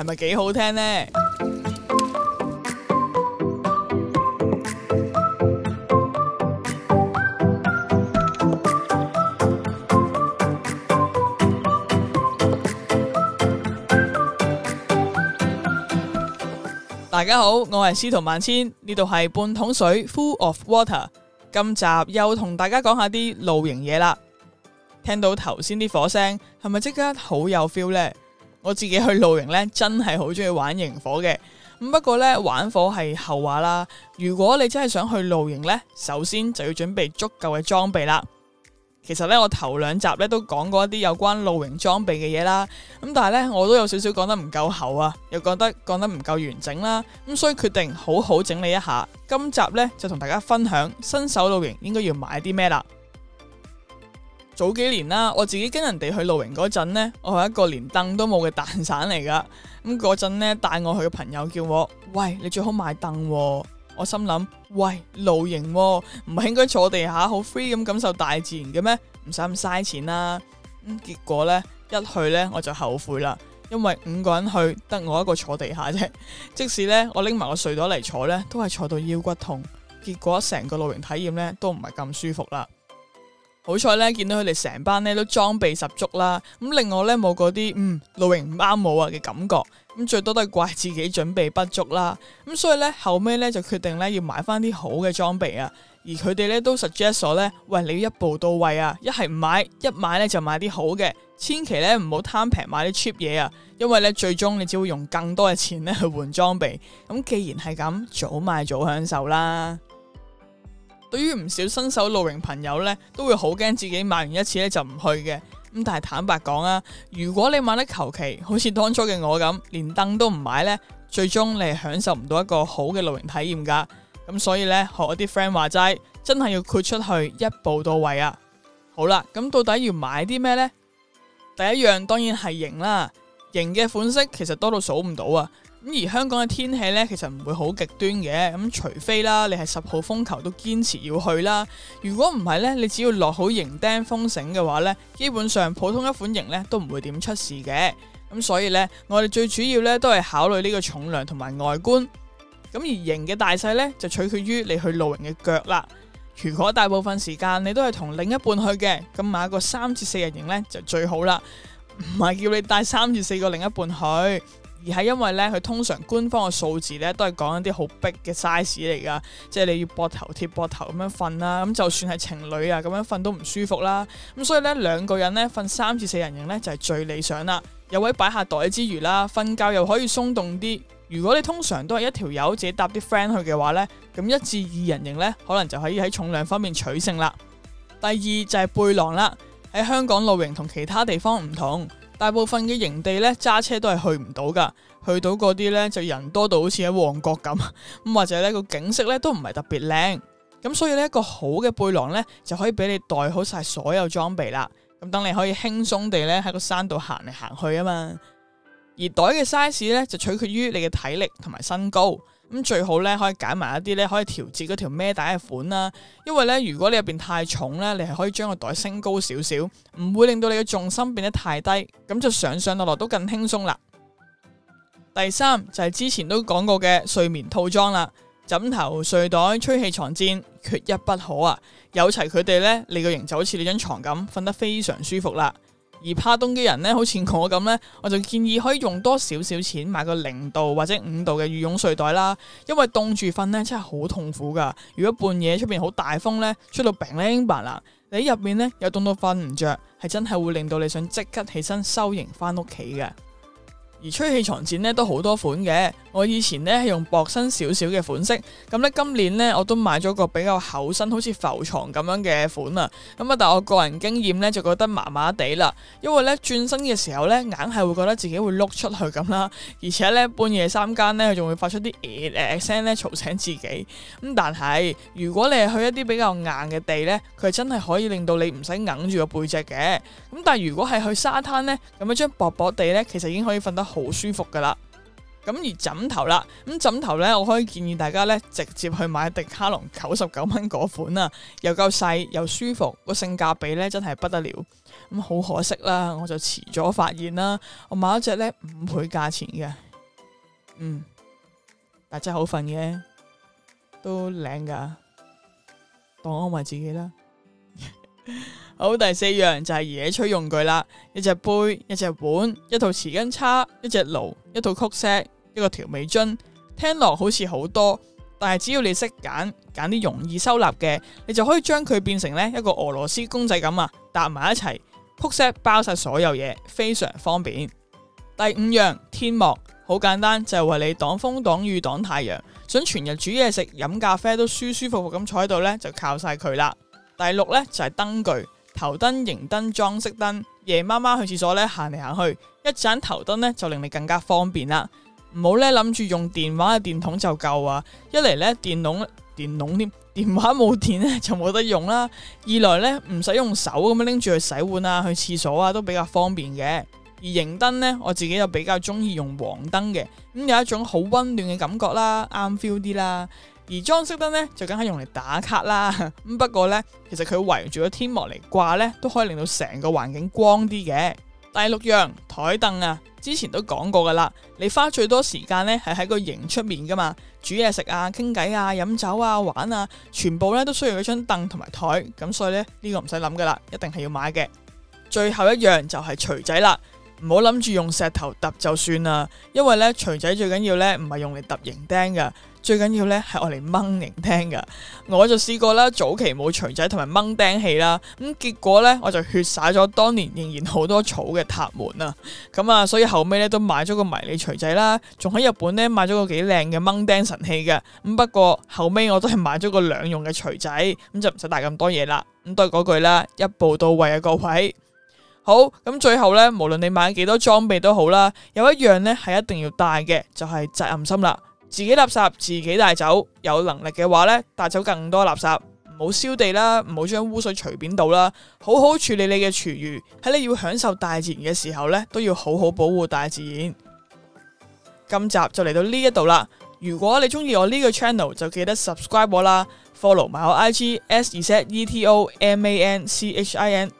係咪幾好聽呢？ 大家好，我係司徒萬千，呢度係半桶水 （Full of Water）。今集又同大家講下啲露營嘢啦。聽到頭先啲火聲，係咪即刻好有 feel 呢？我自己去露營呢，真係好中意玩營火嘅。咁、嗯、不過呢，玩火係後話啦。如果你真係想去露營呢，首先就要準備足夠嘅裝備啦。其實呢，我頭兩集呢都講過一啲有關露營裝備嘅嘢啦。咁、嗯、但係呢，我都有少少講得唔夠厚啊，又覺得講得唔夠完整啦。咁、嗯、所以決定好好整理一下，今集呢，就同大家分享新手露營應該要買啲咩啦。早幾年啦，我自己跟人哋去露營嗰陣呢，我係一個連凳都冇嘅蛋散嚟噶。咁嗰陣呢，帶我去嘅朋友叫我：喂，你最好買凳喎。我心諗：喂，露營喎，唔係應該坐地下，好 free 咁感受大自然嘅咩？唔使咁嘥錢啦。咁結果呢，一去呢，我就後悔啦，因為五個人去得我一個坐地下啫。 即使呢，我拎埋個睡袋嚟坐呢，都係坐到腰骨痛。結果成個露營體驗呢，都唔係咁舒服啦。好彩咧，見到佢哋成班呢都裝備十足啦。咁另外呢，冇嗰啲嗯露營唔啱我啊嘅感覺。咁最多都係怪自己準備不足啦。咁所以呢，後尾呢就決定呢要買翻啲好嘅裝備啊。而佢哋呢都 suggest 我呢：「喂，你要一步到位啊。一係唔買，一買呢就買啲好嘅，千祈呢唔好貪平買啲 cheap 嘢啊。因為呢最終你只會用更多嘅錢呢去換裝備。」咁既然係咁，早買早享受啦。對於唔少新手露營朋友呢，都會好驚自己買完一次呢就唔去嘅。咁但係坦白講啊，如果你買得求其，好似當初嘅我咁，連燈都唔買呢，最終你係享受唔到一個好嘅露營體驗噶。咁所以呢，學我啲 friend 話齋，真係要豁出去，一步到位啊！好啦，咁到底要買啲咩呢？第一樣當然係營啦，營嘅款式其實多到數唔到啊！咁而香港嘅天氣呢，其實唔會好極端嘅。咁除非啦，你係十號風球都堅持要去啦。如果唔係呢，你只要落好營釘、風繩嘅話呢，基本上普通一款營呢都唔會點出事嘅。咁所以呢，我哋最主要呢都係考慮呢個重量同埋外觀。咁而營嘅大細呢，就取決於你去露營嘅腳啦。如果大部分時間你都係同另一半去嘅，咁買個三至四日營呢就最好啦。唔係叫你帶三至四個另一半去。而係因為咧，佢通常官方嘅數字咧，都係講一啲好逼嘅 size 嚟㗎，即係你要膊頭貼膊頭咁樣瞓啦，啊。咁就算係情侶啊，咁樣瞓都唔舒服啦。咁所以呢，兩個人呢瞓三至四人營呢就係最理想啦。有位擺下袋之餘啦，瞓覺又可以鬆動啲。如果你通常都係一條友自己搭啲 friend 去嘅話呢，咁一至二人營呢可能就可以喺重量方面取勝啦。第二就係背囊啦，喺香港露營同其他地方唔同。大部分嘅營地咧，揸車都係去唔到噶去到嗰啲咧就人多到好似喺旺角咁，咁或者呢個景色咧都唔係特別靚，咁所以呢，一個好嘅背囊咧就可以俾你袋好晒所有裝備啦，咁等你可以輕鬆地咧喺個山度行嚟行去啊嘛，而袋嘅 size 咧就取決於你嘅體力同埋身高。咁最好咧，可以揀埋一啲咧可以調節嗰條孭帶嘅款啦。因為咧，如果你入邊太重咧，你係可以將個袋升高少少，唔會令到你嘅重心變得太低，咁就上上落落都更輕鬆啦。第三就係之前都講過嘅睡眠套裝啦，枕頭、睡袋、吹氣床墊，缺一不可啊！有齊佢哋咧，你個營就好似你張床咁，瞓得非常舒服啦。而怕凍嘅人呢，好似我咁呢，我就建議可以用多少少錢買個零度或者五度嘅羽絨睡袋啦，因為凍住瞓呢真係好痛苦㗎。如果半夜出邊好大風呢，吹到病呢白啦，你入面呢又凍到瞓唔着，係真係會令到你想即刻起身收營返屋企嘅。而吹氣床墊呢，都好多款嘅。我以前呢係用薄身少少嘅款式，咁呢今年呢，我都買咗個比較厚身，好似浮床咁樣嘅款啊，咁啊，但係我個人經驗呢，就覺得麻麻地啦，因為呢轉身嘅時候呢，硬係會覺得自己會碌出去咁啦，而且呢，半夜三更呢，佢仲會發出啲嘢誒聲呢嘈醒自己，咁但係如果你係去一啲比較硬嘅地呢，佢真係可以令到你唔使硬住個背脊嘅，咁但係如果係去沙灘呢，咁樣張薄薄地呢，其實已經可以瞓得好舒服噶啦。咁而枕頭啦，咁枕頭咧，我可以建議大家咧，直接去買迪卡龍九十九蚊嗰款啊，又夠細又舒服，個性價比咧真係不得了。咁好可惜啦，我就遲咗發現啦，我買咗隻咧五倍價錢嘅，嗯，但真係好瞓嘅，都靚噶，當我安慰自己啦。好，第四樣就係野炊用具啦，一隻杯、一隻碗、一套匙羹叉、一隻爐、一套曲石、一個調味樽，聽落好似好多，但係只要你識揀，揀啲容易收納嘅，你就可以將佢變成咧一個俄羅斯公仔咁啊，搭埋一齊，曲石包晒所有嘢，非常方便。第五樣天幕，好簡單就係為你擋風擋雨擋太陽，想全日煮嘢食、飲咖啡都舒舒服服咁坐喺度呢，就靠晒佢啦。第六咧就係、是、燈具，頭燈、營燈、裝飾燈，夜媽媽去廁所咧行嚟行去，一盞頭燈咧就令你更加方便啦。唔好咧諗住用電話嘅電筒就夠啊！一嚟咧電筒電筒添，電話冇電咧就冇得用啦。二來咧唔使用手咁樣拎住去洗碗啊、去廁所啊都比較方便嘅。而營燈咧，我自己又比較中意用黃燈嘅，咁、嗯、有一種好温暖嘅感覺啦，啱 feel 啲啦。而裝飾燈呢，就梗係用嚟打卡啦。咁 不過呢，其實佢圍住咗天幕嚟掛呢，都可以令到成個環境光啲嘅。第六樣台凳啊，之前都講過噶啦。你花最多時間呢，係喺個營出面噶嘛，煮嘢食啊、傾偈啊、飲酒啊、玩啊，全部呢都需要一張凳同埋台。咁所以呢，呢、呢個唔使諗噶啦，一定係要買嘅。最後一樣就係錘仔啦。唔好諗住用石頭揼就算啦，因為咧錘仔最緊要咧唔係用嚟揼營釘嘅，最緊要咧係用嚟掹營釘嘅。我就試過啦，早期冇錘仔同埋掹釘器啦，咁結果咧我就血灑咗當年仍然好多草嘅塔門啊！咁啊，所以後尾咧都買咗個迷你錘仔啦，仲喺日本咧買咗個幾靚嘅掹釘神器嘅。咁不過後尾我都係買咗個兩用嘅錘仔，咁就唔使帶咁多嘢啦。咁都係嗰句啦，一步到位啊各位！好咁，最後咧，無論你買幾多裝備都好啦，有一樣咧係一定要帶嘅，就係、是、責任心啦。自己垃圾自己帶走，有能力嘅話咧，帶走更多垃圾，唔好燒地啦，唔好將污水隨便倒啦，好好處理你嘅廚餘。喺你要享受大自然嘅時候咧，都要好好保護大自然。今集就嚟到呢一度啦。如果你中意我呢個 channel，就記得 subscribe 我啦 ，follow 埋我 IG S、Z、E S E T O M A N C H I N。C H I N,